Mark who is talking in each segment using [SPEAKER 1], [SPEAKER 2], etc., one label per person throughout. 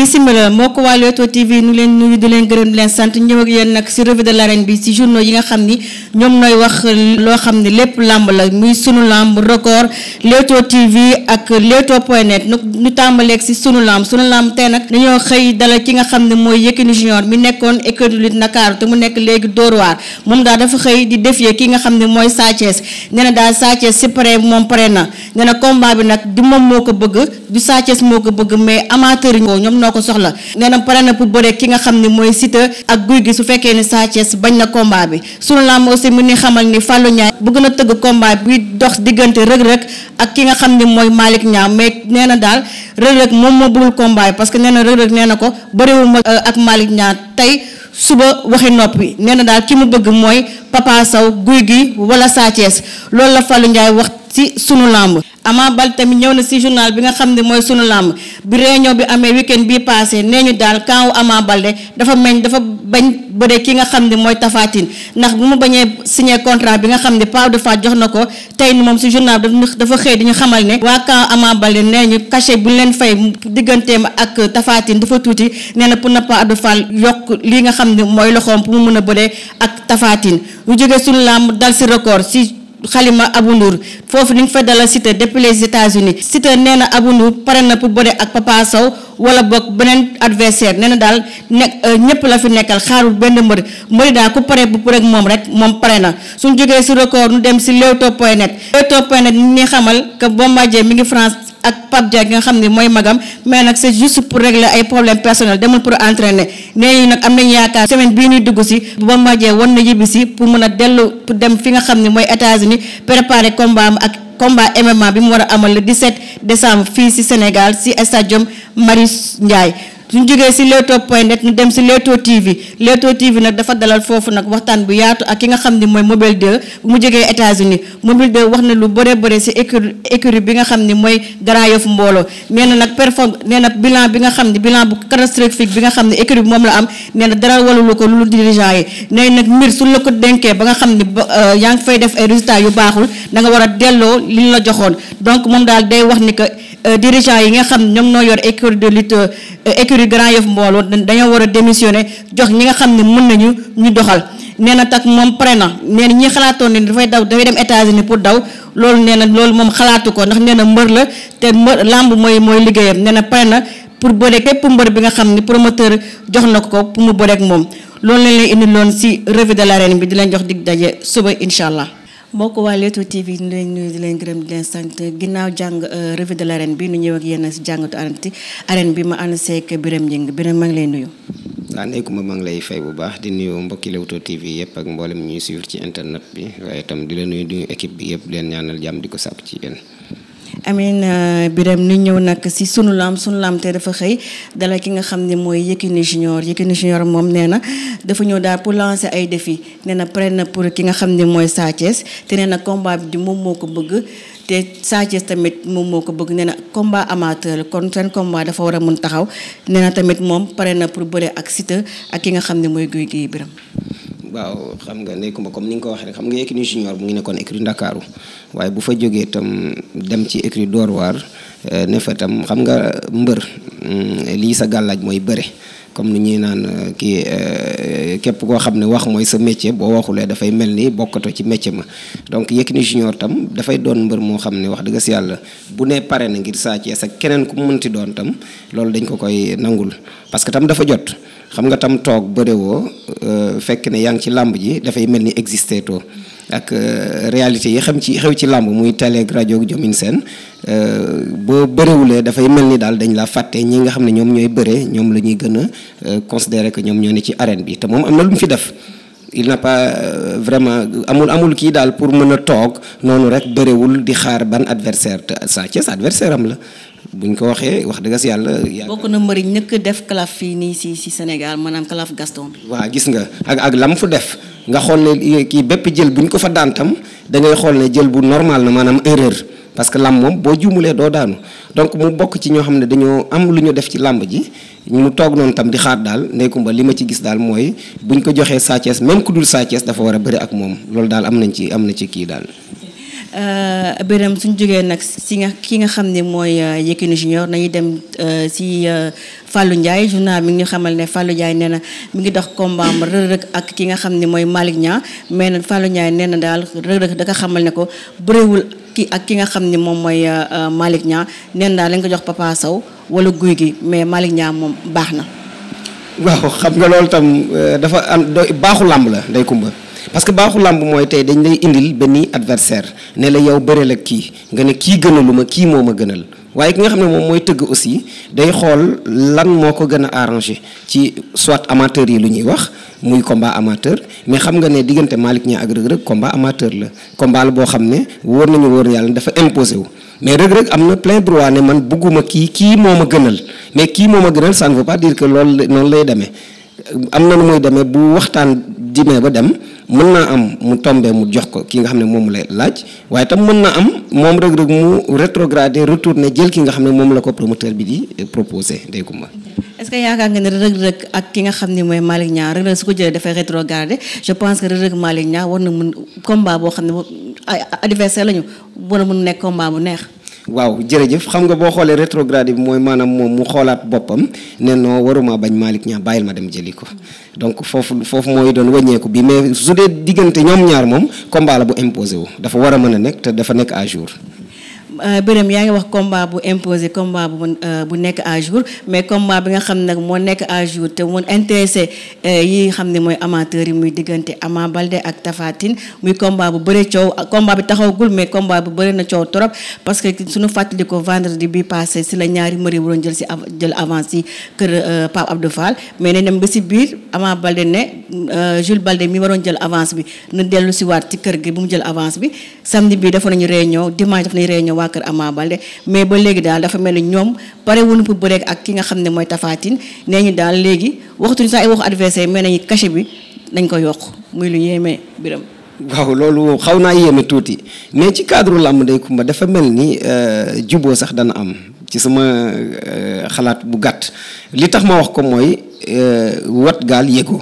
[SPEAKER 1] bisimila moo ko waa Leewtoo TV nu leen nuyu leen gërëm leen sant ñëw ak nag si revue de l'arène bi si journaux yi nga xam ni ñoom nooy wax loo xam ni lépp làmb la muy sunu làmb record Leewtoo TV ak Leewtoo point net nu ñu tàmbaleeg si sunu làmb sunu làmb te nag dañoo xëy dalal ki nga xam ne mooy Yékini Junior mi nekkoon écurie Lutte Ndakaaru te mu nekk léegi Dóor waar moom daal dafa xëy di défier ki nga xam ne mooy Sa Thiès nee na daal Sa Thiès si na nee na combat bi nag du moom moo ñoo ko soxla nee na pare na pour bëre ki nga xam ni mooy Siteu ak Gouye Gui su fekkee ni Sa Thiès bañ na combat bi sunu lamb aussi mu ni xamal ni Fallou Ndiaye bëgg na tëgg combat bi dox diggante Reug Reug ak ki nga xam ni mooy Malick Niang mais nee na daal Reug Reug moom moo bëggul combat bi parce que nee na Reug nee na ko bëriwuma euh, ak Malick Niang tey suba waxi noppi nee na daal ki mu bëgg mooy Papa Sow Gouye Gui wala loolu la Fallou Ndiaye wax ci sunu làmb Ama Baldé tamit ñëw na ci journal bi nga xam ne mooy sunu làmb bi réunion bi amee week-end bii passé nee ñu daal kaawu Ama Baldé dafa meñ dafa bañ bëre ki nga xam ne mooy tafaatin ndax bu mu bañee signé contrat bi nga xam ne Pape de Faat jox na ko tey ni moom ci journal bi dafa xëy di ñu xamal ne waa kaawu Ama Baldé nee ñu cachet bu ñu leen fay digganteem ak tafaatin dafa tuuti nee na pour na Pape de Faat yokk lii nga xam ne mooy loxoom pour mu mën a bëree ak tafaatin ñu jógee sunu làmb dal ci record ci xalima Abou Ndour foofu ni nga fa dalal Siteu depuis les États-Unis Siteu nee na Abou pare na pour bëre ak Papa Sow wala boog beneen adversaire nee daal nekk euh, ñëpp la fi nekkal xaarul benn mbër mbëri daal ku pare bu pour moom rek moom pare na suñ jógee si record nu dem si Leewtoo point net Leewtoo point net ñi xamal que Bombardier mi ngi France ak Pape Diak nga xam ne mooy magam mais nag c'est juste pour régler ay problèmes personnels demul pour entraîner nee ñu nag am nañu yaakaar semaine bii ñuy dugg si bu Bombardier wan na yibbi si pour mën a dellu pour dem fi nga xam ne mooy États-Unis préparer combat am ak combat MMA bi mu war a amal le 17 décembre fii si Sénégal si stadium Marius Ndiaye suñ jógee si Leewtoo point net ñu dem si Leewtoo TV Leewtoo TV nag dafa dalal foofu nag waxtaan bu yaatu ak ki nga xam ne mooy Mobile 2 bu mu jógee États-Unis Mobile 2 wax na lu bëre bëre si écurie bi nga xam ne mooy Grand Yoff mbooloo nee na nag perform nee na bilan bi nga xam ne bilan bu catastrophique bi nga xam ne écurie bi moom la am nee na dara walulu ko lu dirigeant yi nee nag mbir su la ko dénkee ba nga xam ne euh, yaa ngi fay def ay résultats yu baaxul da war a delloo li la joxoon Euh, dirigeant yi nga xam ñoom noo yor écurie de lutte euh, écurie Grand Yoff mbooloo dañoo war a démissionner jox ñi nga xam ne mën nañu ñu doxal nee na tak moom pare na nee na ñi xalaatoon ne dafay daw dafay dem États-Unis pour daw loolu nee na loolu moom xalaatu ko ndax nee na mbër la te mbër làmb mooy mooy liggéeyam nee na pare na pour bëre képp mbër bi nga xam ne promoteur jox na ko pour mu bëreek moom loolu lañ leen indi loon si revue de l'arène bi di leen jox dig daje suba incha allah. mbokk waa Leewtoo TV ñu leen nuyu leen gërëm di leen sant ginnaaw jàng euh, revue de l'arène bi nu ñëw ak yéen si jàngatu arène bi ma ànd seek Birame Gningue Birame maa ngi lay nuyu
[SPEAKER 2] waaneekuma maa ngi lay fay bu baax di nuyu mbokki Leewtoo TV yëpp ak mboolem ñuy suivre ci internet bi waaye tam di la nuyu di équipe bi yëpp leen ñaanal jàmm di ko sàpp ci yéen
[SPEAKER 1] amee na euh, biram ni ñëw nag si sunu laam sunu laam te dafa xëy dala ki nga xam ne mooy Yékini Junior Yékini Junior moom nee na dafa ñëw daal pour lancer ay défi nee na pare na pour ki nga xam ne mooy Sa te nee na combat bi moom moo ko bëgg te Sa tamit moom moo ko bëgg nee na combat amateur kon seen combat dafa war a mun taxaw nee tamit moom pare na pour bëre ak Siteu ak ki nga xam ne mooy Gouye Gui biram
[SPEAKER 2] waaw xam nga nekkuma comme ni nga ko waxee rek xam nga Yékini Junior mu ngi nekkoon écurie Ndakaaru waaye bu fa jógee tam dem ci écurie Dóor waar eh, ne fa tam xam nga mbër mm, lii sa gàllaaj mooy bëre comme ni ñuy naan eh, kii eh, képp koo xam ne wax mooy sa métier boo waxulee dafay mel ni bokkatoo ci métier ma donc Yékini Junior tam dafay doon mbër moo xam ne wax dëgg si yàlla bu nee pare na ngir Sa Thiès ak keneen ku mënti doon tam loolu dañ ko koy nangul parce que tam dafa xam nga tam toog bëréwoo euh, fekk ne yaa ngi ci làmb ji dafay mel ni existé to ak euh, réalité yi xam ci xew ci làmb muy télé rajo jomin seen euh, boo bëréwulee dafay mel ni daal dañ la fàtte ñi nga xam ne ñoom ñooy bëre ñoom la ñuy gën a considéré que ñoom ñoo ne ci arène bi te moom am na lu mu fi def il n'a pas vraiment amul amul kii daal pour mën a toog noonu rek bëréwul di xaar ban adversaire te Sa Thiès adversaire am la buñ ko waxee wax dëgg si yàlla. ko
[SPEAKER 1] na mbëri ñëkk def calaf fii nii si si Sénégal maanaam calaf Gaston.
[SPEAKER 2] waa gis nga ak ak lam fu def nga xool ne kii bépp jël buñ ko fa daan tam dangay xool ne jël bu normal na maanaam erreur. parce que làmb moom boo juumulee doo daanu donc mu bokk ci ñoo xam ne dañoo am lu ñu def ci làmb ji mu toog noonu tam di xaat daal ndeykumba li ma ci gis daal mooy buñ ko joxee Sa Thiès ku dul Sa dafa war a bëri ak moom loolu daal am nañ ci am na ci kii daal.
[SPEAKER 1] Euh, biram suñ jógee nag si nga ki nga xam ne mooy euh, Yékini Junior nañuy dem euh, si Fallou Ndiaye journal mi nga xamal ne Fallou Ndiaye nee na mi ngi dox combat am ak ki nga xam ne mooy Malick Niang mais nag Fallou Ndiaye nee na daal Reug Reug da xamal ne ko bëréewul ki ak ki nga xam ni moom mooy Malick ñaa nee daal lañ ko jox Papa Sow wala guy gi mais Malick Niang moom baax na
[SPEAKER 2] waaw xam nga loolu tam dafa am baaxu làmb la day kumba parce que baaxu làmb mooy tey dañ lay indil benn adversaire ne la yow bëreel ak kii nga ne kii gënalu ma kii moo ma gënal waaye ki nga xam ne moom mooy tëgg aussi day xool lan moo ko gën a arrangé ci soit amateur yi lu ñuy wax muy combat amateur mais xam nga ne diggante Malick Niang ak Reug Reug combat amateur la combat la boo xam ne wóor nañu wóor yàlla dafa imposé wu mais Reug Reug am na plein droit ne man bugguma kii kii moom ma gënal mais kii moom ma gënal ça ne veut que loolu noonu lay demee jimee ba dem mën naa am mu tombé mu jox ko ki nga xam ne moom la laaj waaye tam mën naa am moom Reug Reug mu rétrogradé retourné jël ki nga xam ne moom la ko promoteur bi di proposé Ndeye Coumba
[SPEAKER 1] est-ce que yaakaar nga ne Reug Reug ak ki nga xam ne mooy Malick Niang Reug Reug su ko jëlee dafay rétrogradé je pense que Reug Reug Malick Niang war na mun combat boo xam ne adversaire lañu war na mun nekk combat bu neex
[SPEAKER 2] waaw jërëjëf xam nga boo xoolee rétrograde bi mooy maanaam moom mu xoolaat boppam ne non waruma bañ Malick ñaa bàyyil ma dem jëli ko donc foofu foofu mooy doon wàññeeku bi mais su dee diggante ñoom ñaar moom combat bu imposé wu dafa war a mën a nekk te dafa nekk à jour. Euh,
[SPEAKER 1] Birame yaa ngi wax combat bu imposé combat bu euh, bu nekk à mais combat bi nga xam nag moo nekk à jour te moon intéressé euh, yi nga xam ne mooy amateur yi muy diggante Ama Baldé ak Tapha muy combat bu bëri coow combat bi taxawgul mais combat bu bëri na coow trop parce que suñu fàttali ko vendredi bi passé si la ñaari mbër yi waroon jël si jël avance si kër Pape Abdou Fall mais ne dem ba si biir Ama Baldé ne Jules Baldé mi waroon jël avance bi na dellu si waat ci kër gi bu mu jël bi kër Ama Baldé mais ba léegi daal dafa mel ni ñoom pare wuñu pour bëreek ak ki nga xam ne mooy Tapha Tine nee ñu daal léegi waxtuñu sax ay waxu adversaire mais nañu cachet bi dañ ko yokk muy lu yéeme biram
[SPEAKER 2] waaw loolu xaw naa yéeme tuuti mais ci cadre làmb day kumba dafa mel ni euh, juboo sax dana am ci sama euh, xalaat bu gàtt li tax ma wax ko mooy euh, wat gaal yégoo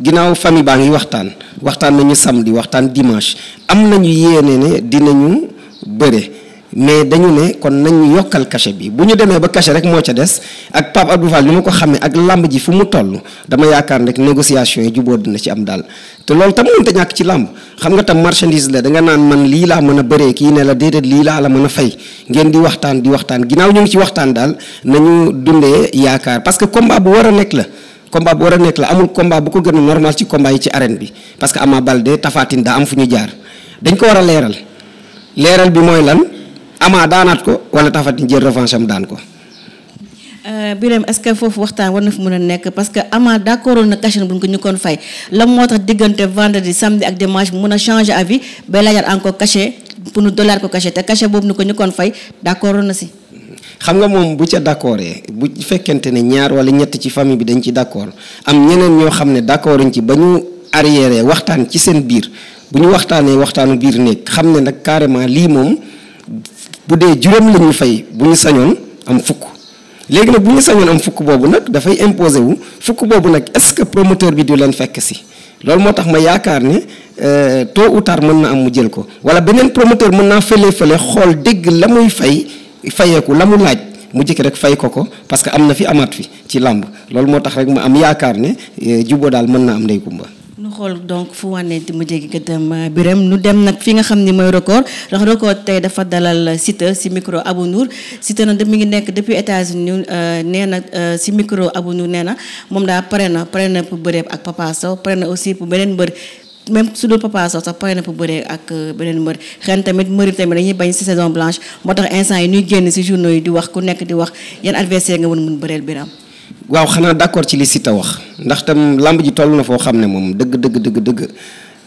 [SPEAKER 2] ginnaaw famille baa ngi waxtaan waxtaan nañu samedi waxtaan dimanche am nañu yéene ne dinañu bëre mais dañu ne kon nañu yokkal cachet bi bu ñu demee ba cachet rek moo ca des ak Pape Abdou Fall li ma ko xamee ak làmb ji fu mu toll dama yaakaar rek négociation yi jubóo dina ci am daal te loolu tam mënta ñàkk ci làmb xam nga tam marchandise la da nga naan man lii laa mën a bëree kii ne la déedéet lii laa la mën a fay ngeen di waxtaan di waxtaan ginnaaw ñu ngi ci waxtaan daal nañu dundee yaakaar parce que combat bu war a nekk la combat bu war a nekk la amul combat bu ko gën a normal ci combat yi ci arène bi parce que Ama Baldé Tapha Tine am fu ñu jaar dañ ko war a leeral leeral bi mooy lan Ama daanaat ko wala Taphatine jël revanche am daan ko.
[SPEAKER 1] Euh, Birame est-ce que foofu waxtaan war na fi mën a nekk parce que Ama d'accordoon na cachet bu ñu ko ñu moo tax diggante vendredi samedi ak dimanche mun a changer avis bay laajaat encore cachet pour nu dollar ko cachet boobu ñu ko ñu koon fay
[SPEAKER 2] d'accordoon na si. xam nga moom bu ca d'accord bu fekkente ne ñaar wala ñett ci famille bi dañ ci d'accord am ñeneen ñoo xam ne d'accorduñ ci ba ñu arrière waxtaan ci seen biir bu ñu waxtaanee waxtaanu biir nekk xam ne nag carrément lii moom. bu dee juróom la ñuy fay bu ñu sañoon am fukk léegi nag bu ñu sañoon am fukk boobu nag dafay imposer wu fukk boobu nag est que promoteur bi di leen fekk si loolu moo tax ma yaakaar ne euh, tôt ou tard mën na am mu jël ko wala beneen promoteur mën naa fële fële xool dégg la muy fay fayeeku la mu laaj mu jëkk rek fay ko ko parce que am na fi amaat fi ci làmb loolu moo tax rek ma am yaakaar ne euh, juboo daal mën naa am ndey kumba
[SPEAKER 1] nu xool donc fu wànnee mu jéggi gëtëm euh, biram nu dem nag fi nga xam ni mooy record ndax record tey dafa dalal Siteu si micro Abou Nour na def mi ngi nekk depuis États-Unis euh, nee na si euh, micro Abou Nour nee na moom daa pare na pare na pour bëreeb ak Papa Sow pare na aussi pour beneen mbër même su dul Papa Sow sax pare na pour bëree ak beneen mbër xen tamit mbëri tamit dañuy bañ si saison blanche moo tax instant yi ñuy génn si journaux yi di wax nekk di wax yan adversaire nga mën bëreel biram
[SPEAKER 2] waaw xanaa d'accord ci li Siteu wax ndax tam làmb ji toll na foo xam ne moom dëgg dëgg dëgg dëgg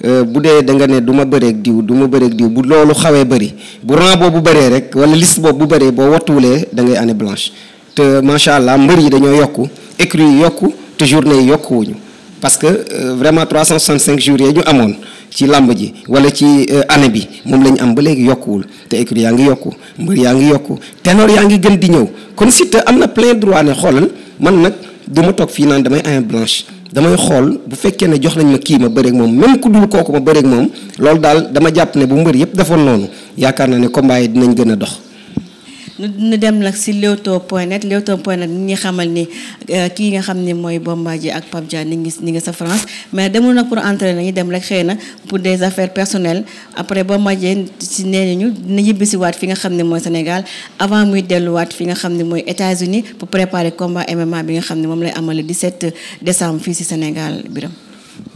[SPEAKER 2] euh, bu dee da nga ne du ma bëreeg diw du ma bëreeg diw bu loolu xawee bëri bu rang boobu bëree rek wala list boobu bu bëree boo wattuwulee dangay anne année blanche te macha allah mbër yi dañoo yokku écrit yi yokku te journée yi yokkuwuñu parce que euh, vraiment cinq jours yi ñu amoon ci làmb ji wala ci euh, année bi moom la am ba léegi yokkuwul te écrit yaa ngi yokku yaa ngi yokku ténor yaa ngi gën di ñëw kon Siteu am na plein droit xoolal. man nag du ma toog fii naan damay en blanche damay xool bu fekkee ne jox nañ ma kii ma bëreeg moom même ku dul kooku ma bëreeg moom loolu daal dama jàpp ne bu mbër yëpp defoon noonu yaakaar naa ne combat yi dinañ gën a dox.
[SPEAKER 1] nu dem nag si Leewtoo point net Leewtoo point net ni ñuy xamal ni euh, kii nga xam ne mooy Bombardier ak Pape Dia ni ngi ni ngi sa France mais demul nag pour entraîner nañu dem rek xëy na pour des affaires personnelles après Bombardier si nee nañu dina yibbi si waat fi nga xam ne mooy Sénégal avant muy delluwaat fi nga xam ne mooy États-Unis pour préparer combat MMA bi nga xam ne moom lay amal di set décembre fii si Sénégal biram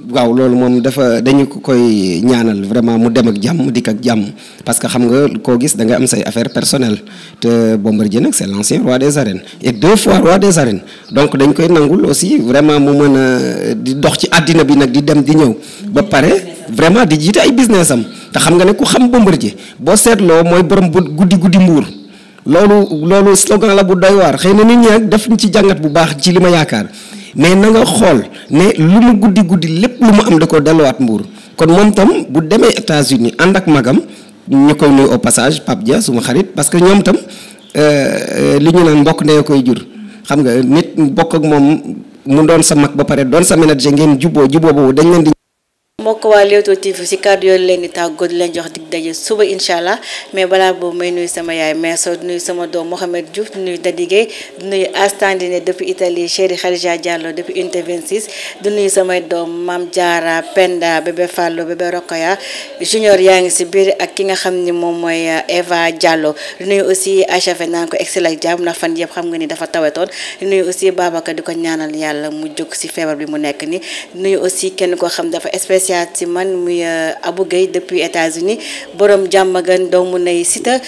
[SPEAKER 2] waaw loolu moom dafa dañu ko koy ñaanal vraiment mu dem ak jàmm dikk ak jàmm parce que xam nga koo gis da am say affaire personnelle te Bombardier nag c'est l'ancien roi des arènes et deux fois roi des arènes donc dañ koy nangul aussi vraiment mu mën a di dox ci àddina bi nag di dem di ñëw ba pare vraiment di jiite ay business am te xam nga ne ku xam Bombardier boo seetloo mooy borom bu guddi guddi mbuur loolu loolu slogan la bu doy waar xëy na nit ñi nag ci jàngat bu baax ci li ma yaakaar mais na nga xool ne lu mu guddi guddi lépp lu mu am da ko delluwaat mbuur kon moom tam bu demee États-Unis ànd ak magam ñu koy nuyu au passage Pape Dia suma xarit parce que ñoom tam euh, li ñu naan mbokk ndey koy jur xam nga nit mbokk ak moom mu doon sa mag ba pare doon sa ménager ngeen juboo juboo boobu dañ leen di
[SPEAKER 1] mbokk waa Leewtoo TV si kàddu leen tàggoo leen jox dig daje suba incha mais balaa boobu may nuyu sama yaay mais soo nuyu sama doom Mohamed Diouf di nuyu Dadi Gueye di nuyu Astandine depuis Italie chéri Khadija Diallo depuis unité 26 di nuyu samay doom maam Diarra Penda bébé Fallo bébé Rokhaya junior yaa ngi si biir ak ki nga xam ni moom mooy euh, Eva Diallo di nuyu aussi HFN naan ko excel ak jàmm ndax fan yëpp xam nga ni dafa tawetoon di nuyu ko ñaanal yàlla mu jóg si feebar bi mu nekk ñëwaat man muy euh, Abou Gueye depuis États-Unis borom jàmmagan doomu nay Siteu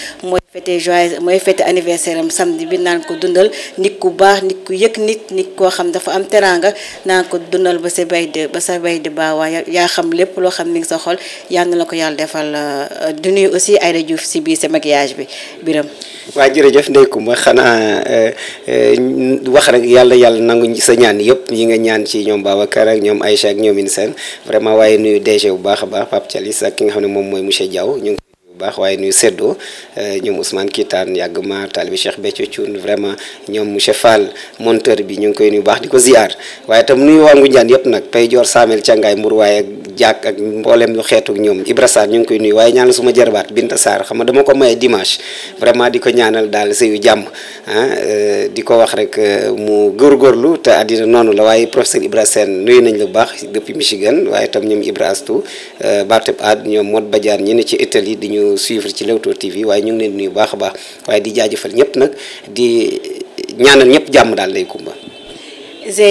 [SPEAKER 1] fete joyeuse mooy fête anniversaire am samedi bi naan ko dundal nit ku baax nit ku yëg nit nit koo xam dafa am teraanga naan ko dundal ba sa bay de ba sa bay de baawaa yaa xam lépp loo xam mi ngi xol yal la ko yàlla defal euh, du aussi Aïda Diouf si biir sa maquillage bi biram
[SPEAKER 2] waa jërëjëf Ndeye Coumba xanaa euh, euh, wax rek yàlla yàlla nangu sa ñaan yëpp yi nga ñaan ci ñoom Babacar ak ñoom Aïcha ak ñoom Insane vraiment waaye nuyu DG bu baax a baax Pape Thialis ak ki nga xam ne moom mooy monsieur Diaw ñu baax waaye nuy seddoo euh, ñoom Ousmane Kitaan yàgg ma taalibi Cheikh Béthio Thioune vraiment ñoom monsieur Fall monteur bi ñu ngi koy nuyu baax di ko ziar waaye itam nuyu waa Ngunjaan yëpp nag Pay Joor Saamel Cangaay Mbour waaye jàkk ak mbooleem lu xeetu ñoom Ibra ñu ngi koy nuyu waaye ñaanal suma jarbaat Binta Sarr xam dama ko maye dimanche vraiment di ko ñaanal daal sëyu jàmm ah, euh, di ko wax rek euh, mu góorgóorlu te àddina noonu la waaye professeur Ibra Sène nuyu nañ lu baax depuis Michigan waaye tam ñoom Ibra Astou euh, Barteb Ad ñoom Mod Badiane ñi ne ci Italie di ñu suivre ci Leewtoo TV waaye ñu ngi leen nuyu baax a baax waaye di jaajëfal ñëpp nag di ñaanal ñëpp jàmm daal lay kumba
[SPEAKER 1] Zé